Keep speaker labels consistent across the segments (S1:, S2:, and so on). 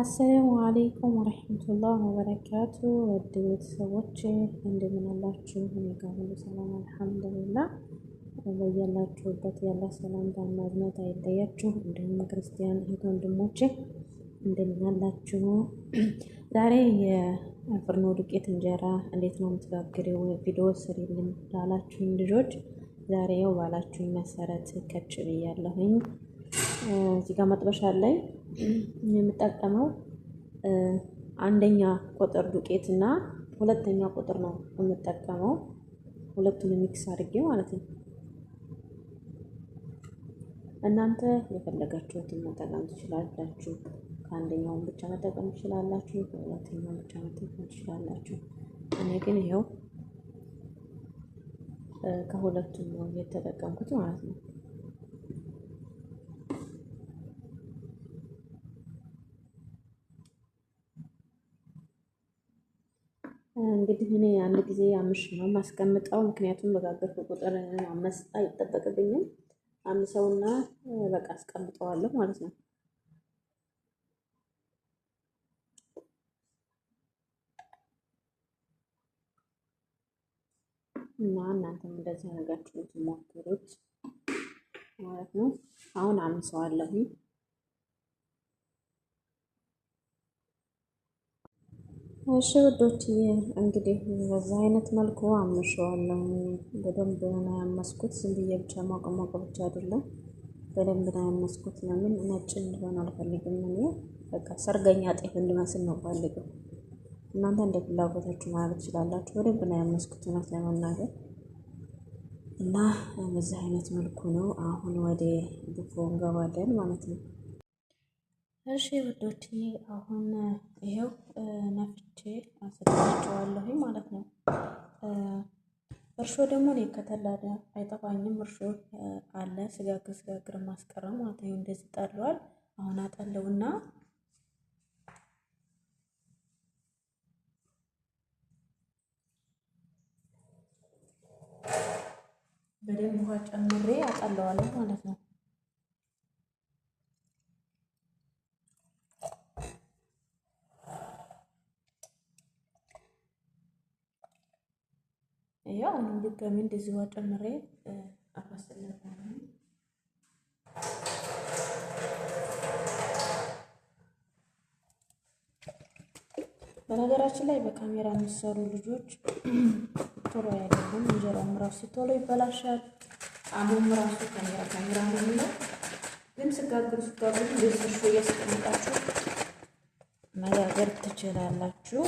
S1: አሰላሙ አሌይኩም ወረህመቱላህ ወበረካቱ ውድ ቤተሰቦች እንደምን አላችሁ? እኔ ጋር ሁሉ ሰላም አልሐምዱሊላህ። በያላችሁበት ያለ ሰላምታ ማዝነት አይለያችሁ። እንዲሁም ክርስቲያን እህት ወንድሞቼ እንደምን አላችሁ? ዛሬ የፍርኖ ዱቄት እንጀራ እንዴት ነው የምትጋግሪው ቪዲዮ ስሪልን ላላችሁኝ ልጆች ዛሬ ባላችሁኝ መሰረት ከች ብያለሁኝ። እዚህ ጋር መጥበሻ አለኝ። የምጠቀመው አንደኛ ቁጥር ዱቄት እና ሁለተኛ ቁጥር ነው የምጠቀመው። ሁለቱን ሚክስ አድርጌ ማለት ነው። እናንተ የፈለጋችሁትን መጠቀም ትችላላችሁ። ከአንደኛውን ብቻ መጠቀም ትችላላችሁ። ከሁለተኛው ብቻ መጠቀም ትችላላችሁ። እኔ ግን ይኸው ከሁለቱም ነው የተጠቀምኩት ማለት ነው። እንግዲህ እኔ አንድ ጊዜ አምሽ ነው ማስቀምጠው። ምክንያቱም በጋገርኩ ቁጥር ማመስ አይጠበቅብኝም። አምሰውና በቃ አስቀምጠዋለሁ ማለት ነው። እና እናንተም እንደዚህ አድርጋችሁ ሞክሩት ማለት ነው። አሁን አምሰዋለሁ። እሺ ውዶችዬ እንግዲህ በዛ አይነት መልኩ አምሸዋለሁ። በደንብ ነው ያመስኩት። ዝም ብዬ ብቻ ሞቅ ሞቅ ብቻ አይደለም፣ በደንብ ነው ያመስኩት። ለምን ነጭ እንዲሆን አልፈልግም እኔ በቃ ሰርገኛ ጤፍ እንድመስል ነው ፈልግም። እናንተ እንደ ፍላጎታችሁ ማድረግ ትችላላችሁ። በደንብ ነው ያመስኩት እውነት ለመናገር እና በዚህ አይነት መልኩ ነው። አሁን ወደ ድፎ እንገባለን ማለት ነው። እሺ ውዶችዬ አሁን ይሄው ሰጥቻቸዋለሁኝ ማለት ነው። እርሾ ደግሞ እኔ ከተላደ አይጠፋኝም። እርሾ አለ ስጋግር ስጋግር ማስቀረም ማለት ነው። እንደዚህ ጠለዋል። አሁን አጠለውና በደንብ ውሃ ጨምሬ አጠለዋለሁ ማለት ነው። ድጋሚ እንደዚህ ውሃ ጨምሬ አባስለታለሁ። በነገራችን ላይ በካሜራ የሚሰሩ ልጆች ቶሎ ያለውን እንጀራውም ራሱ ቶሎ ይበላሻል። ጣሙም ራሱ ካሜራ ካሜራ ነው የሚለው ግን ስጋግሩ ስጋግሩ ቤተሾ እያስቀምጣችሁ መጋገር ትችላላችሁ።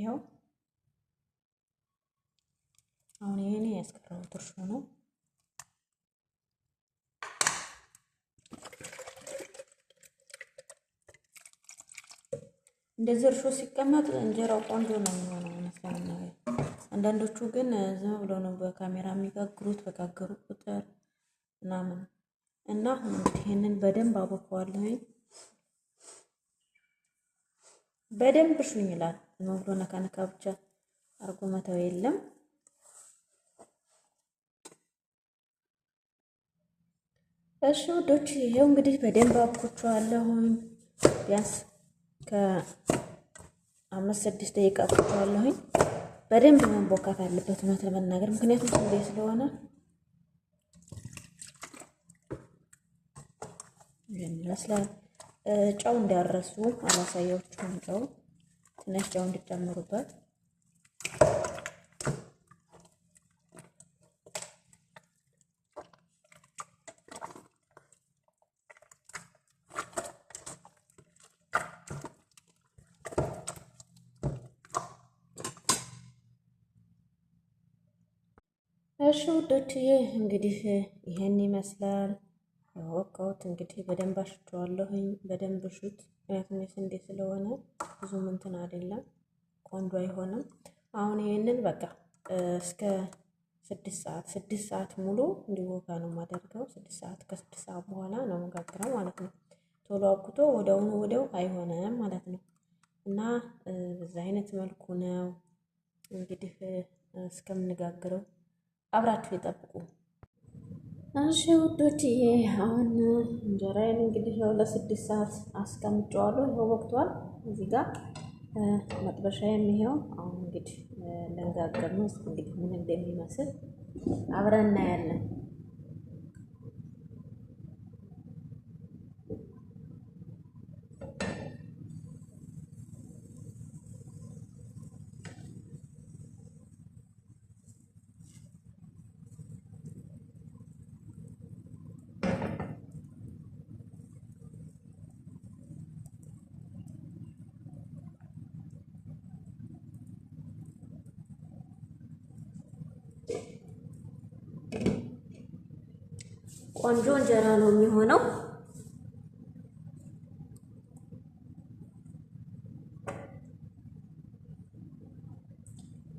S1: ይኸው ጉርሻ ነው። እንደዚህ እርሾ ሲቀመጥ እንጀራው ቆንጆ ነው የሚሆነው መስላና አንዳንዶቹ ግን ዝም ብሎ ነው በካሜራ የሚጋግሩት በጋገሩ ቁጥር ምናምን እና ይህንን በደንብ አቦከዋለሁኝ። በደንብ እርሹኝ ይላል። ዝም ብሎ ነካ ነካ ብቻ አርጎ መተው የለም። እሺ ውዶች ይሄው እንግዲህ በደንብ አብኩቻለሁኝ። ቢያንስ ከአምስት ስድስት ደቂቃ አብኩቻለሁኝ። በደንብ መንቦካት አለበት እውነት ለመናገር ምክንያቱም ስንዴ ስለሆነ ይመስላል። ጨው እንዳረሱ አላሳያችሁም። ጨው ትንሽ ጨው እንድጨምሩበት እሺ ውዶችዬ እንግዲህ ይሄን ይመስላል ወቀውት እንግዲህ በደንብ አሽቸዋለሁኝ። በደንብ እሹት፣ ምክንያቱም የስንዴ ስለሆነ ብዙም እንትን አይደለም፣ ቆንጆ አይሆንም። አሁን ይሄንን በቃ እስከ ስድስት ሰዓት ስድስት ሰዓት ሙሉ እንዲወጋ ነው የማደርገው። ስድስት ሰዓት ከስድስት ሰዓት በኋላ ነው መጋግረው ማለት ነው። ቶሎ አውቁቶ ወደውኑ ወደው አይሆንም ማለት ነው እና በዛ አይነት መልኩ ነው እንግዲህ እስከምንጋግረው አብራችሁ የጠብቁ እሺ ውዶችዬ፣ አሁን እንጀራዬን እንግዲህ ያው ለስድስት ሰዓት አስቀምጨዋለሁ። ይኸው ወቅቷል። እዚህ ጋር መጥበሻ የሚሄው አሁን እንግዲህ ልንጋገር ነው። እንግዲህ ምን እንደሚመስል አብረን እናያለን። ቆንጆ እንጀራ ነው የሚሆነው።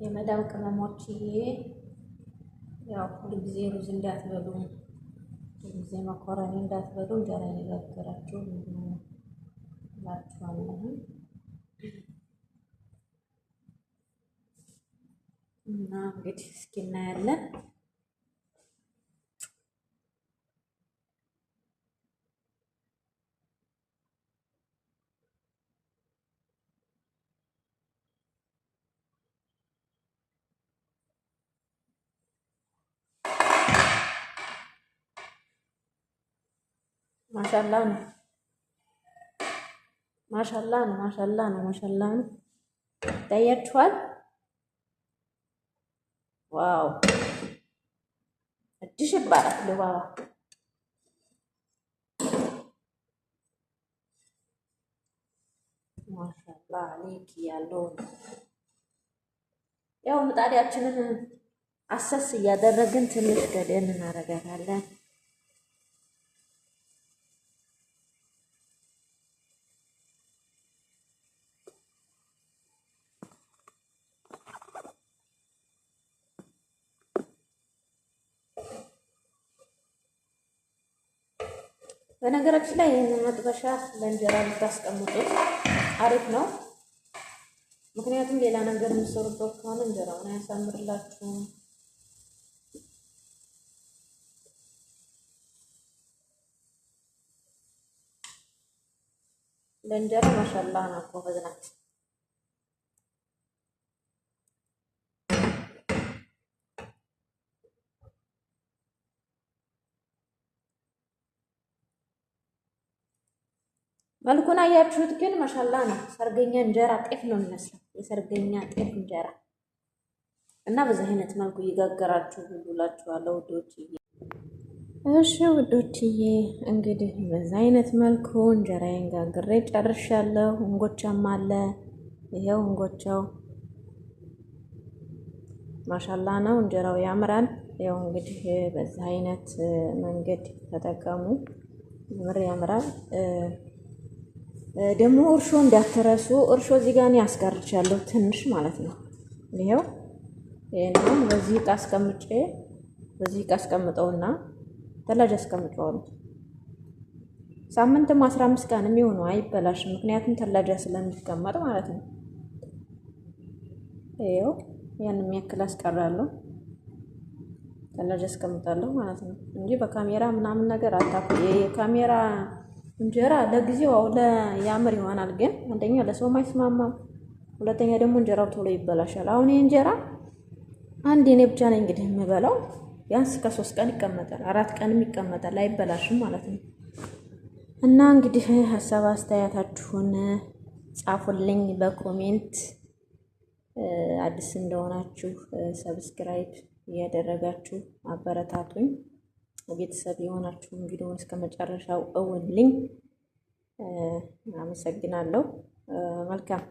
S1: የመዳብ ቅመሞች ይሄ ያው ሁልጊዜ ሩዝ እንዳትበሉ፣ ሁልጊዜ መኮረኒ እንዳትበሉ፣ እንጀራ እየጋገራችሁ ምግቡ ላችኋለሁ እና እንግዲህ እስኪ እናያለን። ማሻላ ነው፣ ማሻላ ነው፣ ማሻላ ነው፣ ማሻላ ነው። ይታያችኋል። ዋው አዲስ ይባላል ልባባ ማሻላ አሌክ ያለው ያው ምጣዳችንን አሰስ እያደረግን ትንሽ ገደን እናደርጋታለን። በነገራችን ላይ ይህንን መጥበሻ ለእንጀራ ብታስቀምጡት አሪፍ ነው። ምክንያቱም ሌላ ነገር የሚሰሩበት ከሆነ እንጀራውን አያሳምርላችሁም። ለእንጀራ ማሻላ ነው፣ ጎበዝ መልኩን አያችሁት? ግን ማሻላ ነው። ሰርገኛ እንጀራ ጤፍ ነው የሚመስለው፣ የሰርገኛ ጤፍ እንጀራ እና በዚህ አይነት መልኩ እየጋገራችሁ ብሉላችኋለሁ ውዶች። እሺ ውዶችዬ እንግዲህ በዚህ አይነት መልኩ እንጀራዬን ጋግሬ ጨርሻለሁ። እንጎቻም አለ ይሄው እንጎቻው ማሻላ ነው። እንጀራው ያምራል። ያው እንግዲህ በዚህ አይነት መንገድ ተጠቀሙ። ምር ያምራል። ደግሞ እርሾ እንዳትረሱ። እርሾ እዚህ ጋር እኔ አስቀርቻለሁ ትንሽ ማለት ነው። ይኸው ይህንም በዚህ ዕቃ አስቀምጬ በዚህ ዕቃ አስቀምጠውና ተላጅ አስቀምጠዋለሁ። ሳምንትም አስራ አምስት ቀን የሚሆኑ አይበላሽም። ምክንያቱም ተላጃ ስለሚቀመጥ ማለት ነው። ይኸው ያን የሚያክል አስቀራለሁ ተላጃ አስቀምጣለሁ ማለት ነው እንጂ በካሜራ ምናምን ነገር አታ የካሜራ እንጀራ ለጊዜው ያምር ይሆናል፣ ግን አንደኛ ለሰውም አይስማማም፣ ሁለተኛ ደግሞ እንጀራው ቶሎ ይበላሻል። አሁን ይህ እንጀራ አንድ እኔ ብቻ ነኝ እንግዲህ የምበላው ቢያንስ ከሶስት ቀን ይቀመጣል፣ አራት ቀንም ይቀመጣል፣ አይበላሽም ማለት ነው። እና እንግዲህ ሀሳብ አስተያየታችሁን ጻፉልኝ በኮሜንት አዲስ እንደሆናችሁ ሰብስክራይብ እያደረጋችሁ አበረታቱኝ። ቤተሰብ የሆናችሁ ቪዲዮውን እስከ መጨረሻው ልኝ አመሰግናለሁ። መልካም